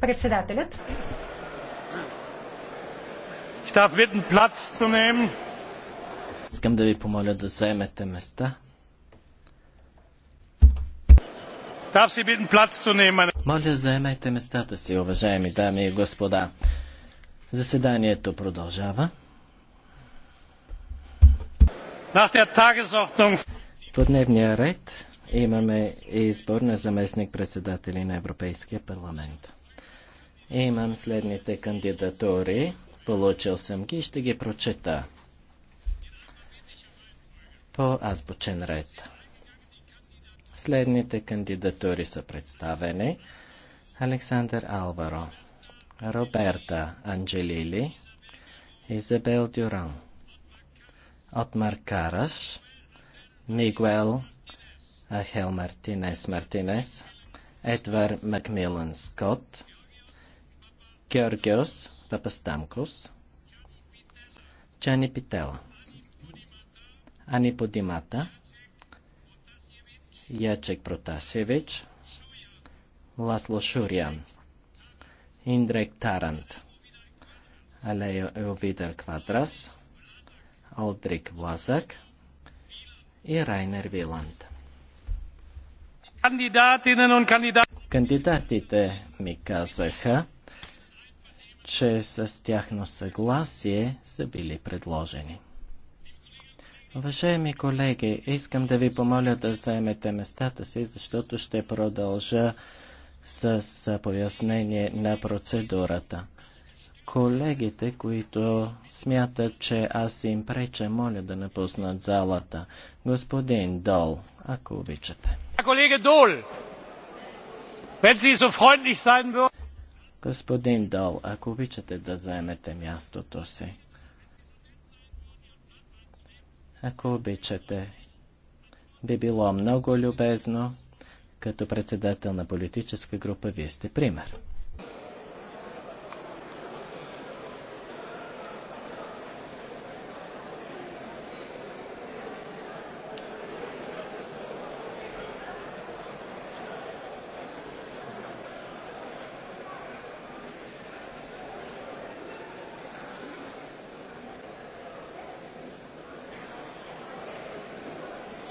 Председателят. Искам да ви помоля да заемете места. Моля, заемете местата си, уважаеми дами и господа. Заседанието продължава. По дневния ред имаме избор на заместник-председатели на Европейския парламент. Имам следните кандидатури. Получил съм ги и ще ги прочета по азбучен ред. Следните кандидатури са представени. Александър Алваро, Роберта Анджелили, Изабел Дюран, Отмар Караш, Мигуел Ахел Мартинес Мартинес, Едвар Макмилан Скот, Георгиос Папастамкус, Чани Питела, Ани Подимата, Ячек Протасевич, Ласло Шуриан, Индрек Тарант, Алео Еовидър Квадрас, Алдрик Влазък и Райнер Виланд. Кандидатите ми казаха, че с тяхно съгласие са били предложени. Уважаеми колеги, искам да ви помоля да заемете местата си, защото ще продължа с пояснение на процедурата. Колегите, които смятат, че аз им преча, моля да напуснат залата. Господин Дол, ако обичате. Господин Дол, ако обичате да заемете мястото си. Ако обичате, би било много любезно. Като председател на политическа група, вие сте пример.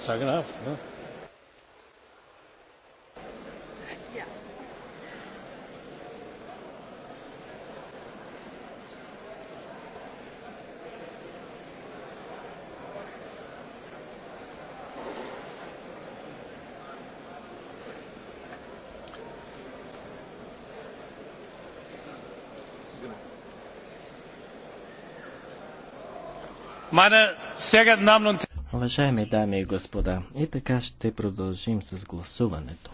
sagenhaft. Ne? Ja. Meine sehr geehrten Damen und Herren, Уважаеми дами и господа, и така ще продължим с гласуването.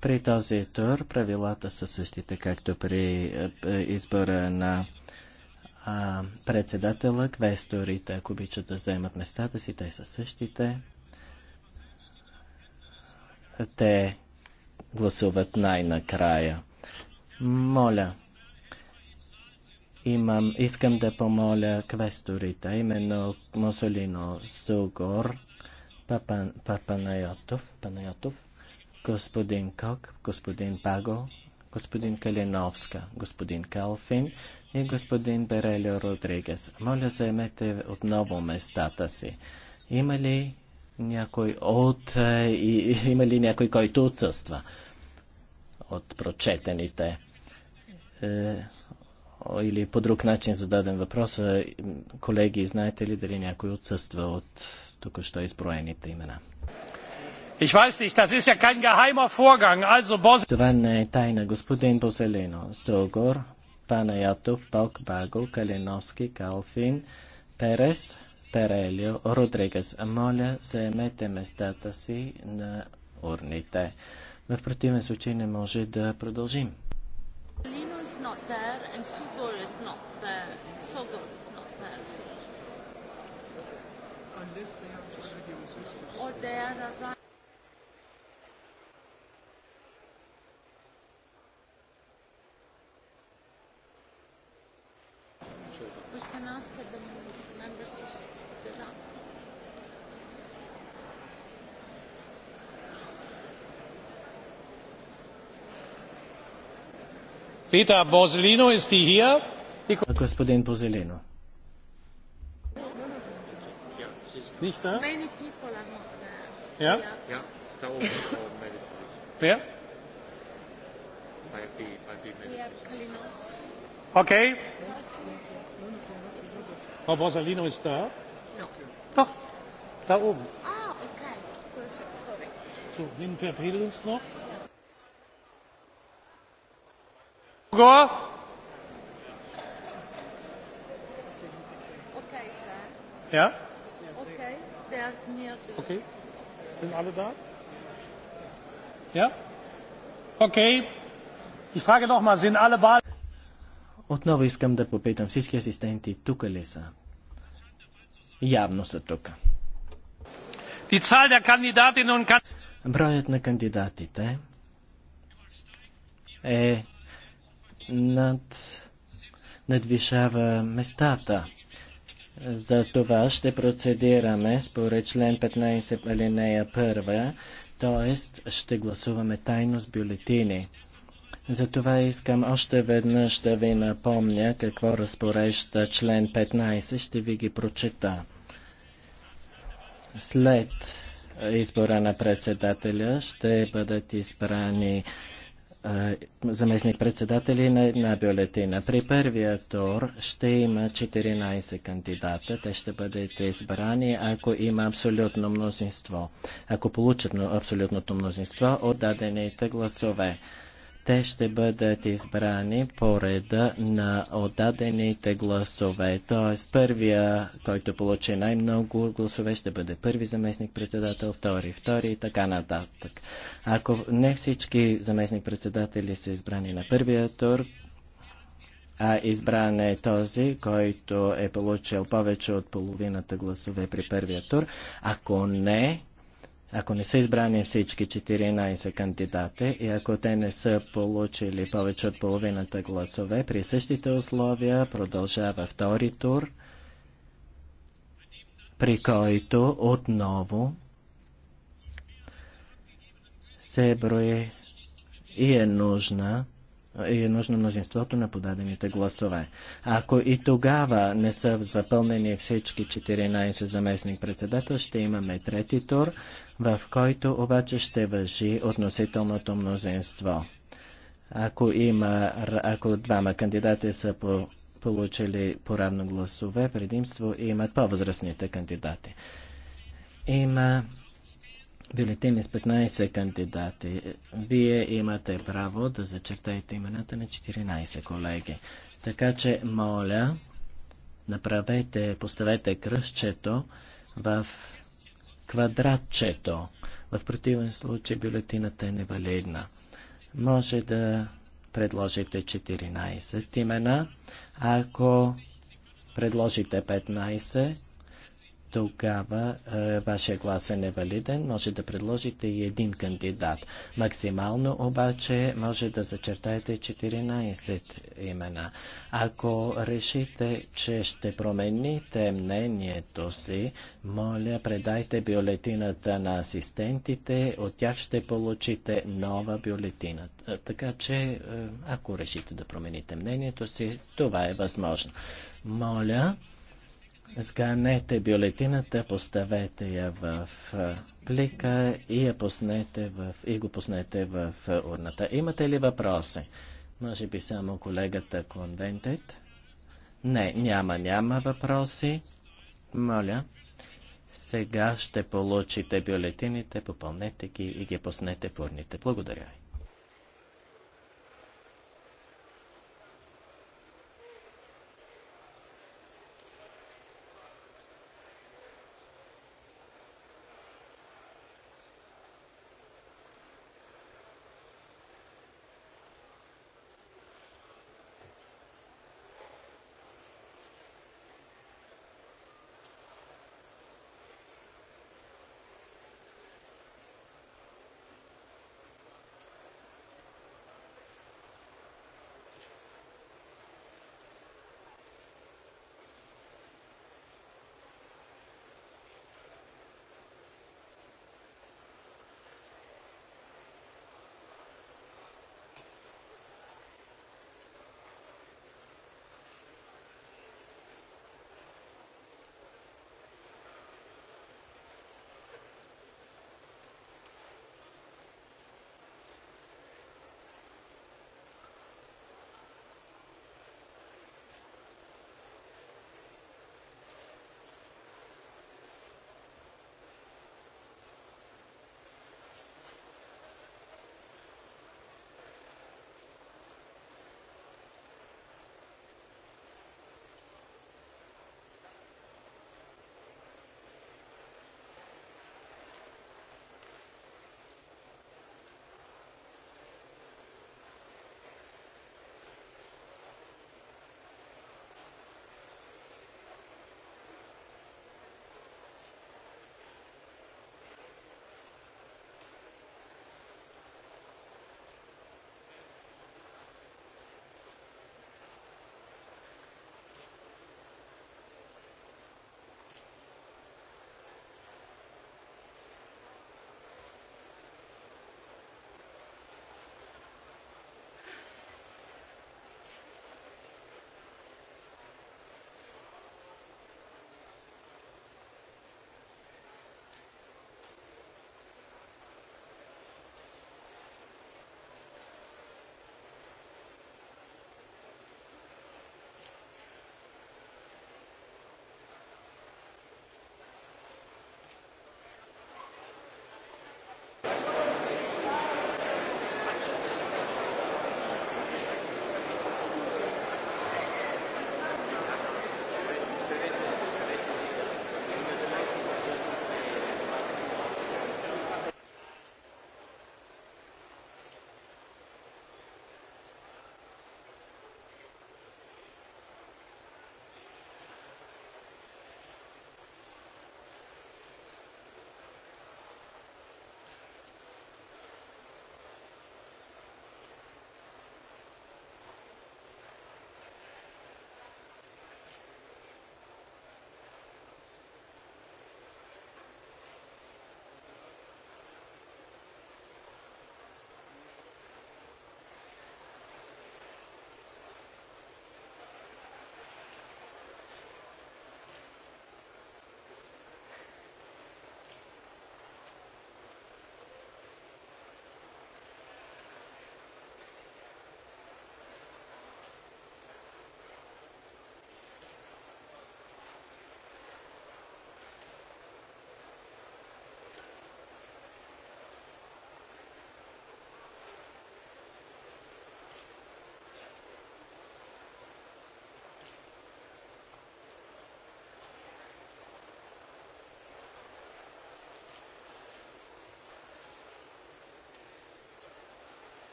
При този тур правилата са същите, както при е, е, избора на а, председателя, квесторите, ако обичат да вземат местата си, те са същите. Те гласуват най-накрая. Моля, имам, искам да помоля квесторите, именно Мусолино Сугор, Папа, Папа Найотов, Панайотов, господин Кок, господин Паго, господин Калиновска, господин Калфин и господин Берелио Родригес. Моля, заемете отново местата си. Има ли някой от... Е, и, има ли някой, който отсъства от прочетените? Е, или по друг начин зададен въпрос. Колеги, знаете ли дали някой отсъства от тук що изброените имена? Ich weiß nicht, das ist ja kein geheimer Vorgang. Also Bos Това не е тайна, господин Бозелино. Согор, Панаятов, Балк Баго, Калиновски, Калфин, Перес, Перелио, Родригес. Моля, заемете местата си на урните. В противен случай не може да продължим. Lino is not there and Sugor is not there. Sogor is not there. Unless they are already resistors. Or they are arrived. Peter Borsellino, is die here? Господин Бозелино. Nicht Many people are not there. Ja? Ja, ist da oben. Wer? Okay. Frau Borsellino ist da? No. Doch, da oben. Ah, okay. Perfect. So, wen verfehlt uns noch? Hugo. Okay, then. Ja? Okay, they're near the... Okay. Sind alle da? Ja? Okay. Ich frage noch mal, sind alle bald? Отново искам да попитам всички асистенти тук ли са? Явно са тук. Броят на кандидатите е над, надвишава местата. За това ще процедираме според член 15 алинея 1, т.е. ще гласуваме тайно с бюлетини. Затова искам още веднъж да ви напомня какво разпорежда член 15. Ще ви ги прочета. След избора на председателя ще бъдат избрани е, заместник-председатели на една бюлетина. При първия тур ще има 14 кандидата. Те ще бъдат избрани, ако има абсолютно мнозинство. Ако получат абсолютното мнозинство от дадените гласове. Те ще бъдат избрани по реда на отдадените гласове. Т.е. първия, който получи най-много гласове, ще бъде първи заместник-председател, втори, втори и така нататък. Ако не всички заместник-председатели са избрани на първия тур, а избран е този, който е получил повече от половината гласове при първия тур. Ако не, ако не са избрани всички 14 кандидати и ако те не са получили повече от половината гласове, при същите условия продължава втори тур, при който отново се брои и е нужна е нужно мнозинството на подадените гласове. Ако и тогава не са запълнени всички 14 заместник председател, ще имаме трети тур, в който обаче ще въжи относителното мнозинство. Ако, има, ако двама кандидати са по, получили поравно гласове, предимство имат по-възрастните кандидати. Има бюлетини с 15 кандидати. Вие имате право да зачертаете имената на 14 колеги. Така че, моля, направете, поставете кръстчето в квадратчето. В противен случай бюлетината е невалидна. Може да предложите 14 имена. Ако предложите 15, тогава а, е, вашия глас е невалиден. Може да предложите и един кандидат. Максимално обаче може да зачертаете 14 имена. Ако решите, че ще промените мнението си, моля, предайте бюлетината на асистентите. От тях ще получите нова бюлетина. Е, така че, е, ако решите да промените мнението си, това е възможно. Моля, Сганете бюлетината, поставете я в плика и, я пуснете в, и го пуснете в урната. Имате ли въпроси? Може би само колегата конвентет? Не, няма, няма въпроси. Моля, сега ще получите бюлетините, попълнете ги и ги пуснете в урните. Благодаря ви.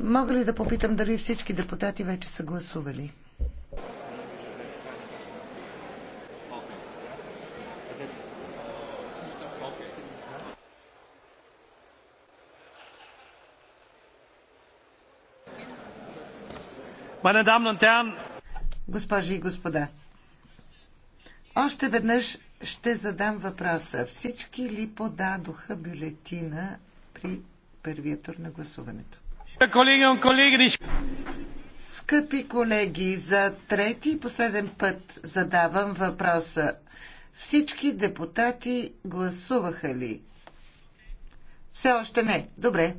Мога ли да попитам дали всички депутати вече са гласували? Госпожи и господа, още веднъж ще задам въпроса. Всички ли подадоха бюлетина при първия тур на гласуването? Скъпи колеги, за трети и последен път задавам въпроса. Всички депутати гласуваха ли? Все още не. Добре.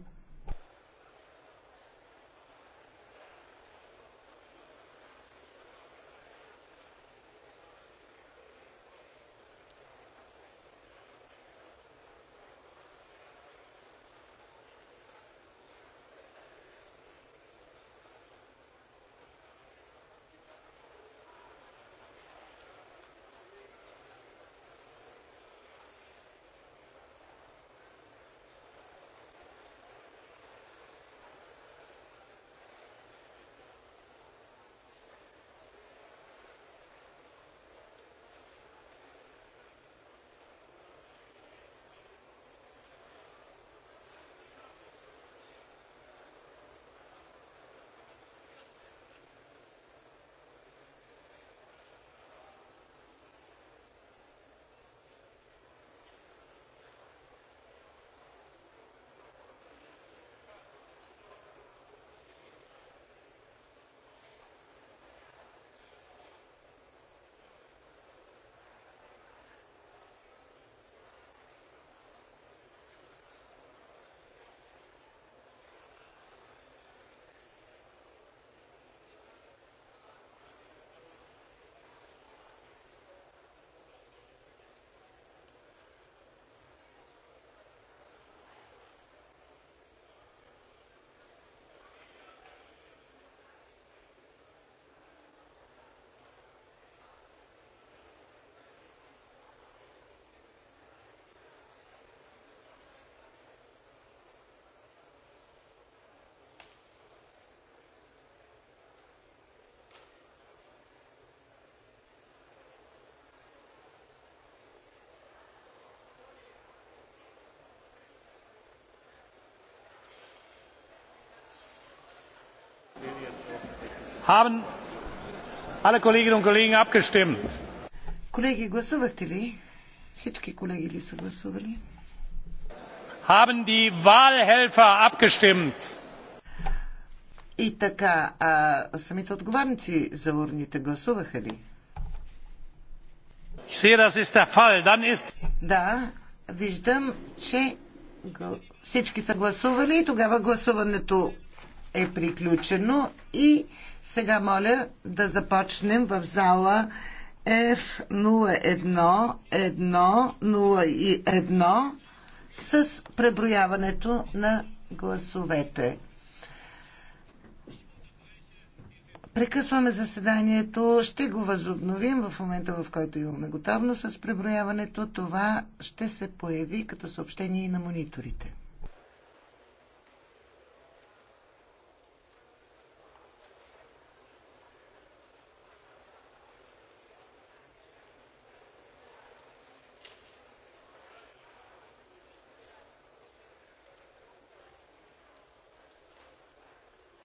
Haben alle Kolleginnen und Kollegen abgestimmt? Колеги, гласувахте ли? Всички колеги ли са гласували? Haben die Wahlhelfer abgestimmt? И така, а самите отговарници за урните гласуваха ли? Ich sehe, das ist der Fall. Dann ist... Да, виждам, че всички са гласували и тогава гласуването е приключено и сега моля да започнем в зала F01101 с преброяването на гласовете. Прекъсваме заседанието. Ще го възобновим в момента, в който имаме готовност с преброяването. Това ще се появи като съобщение и на мониторите.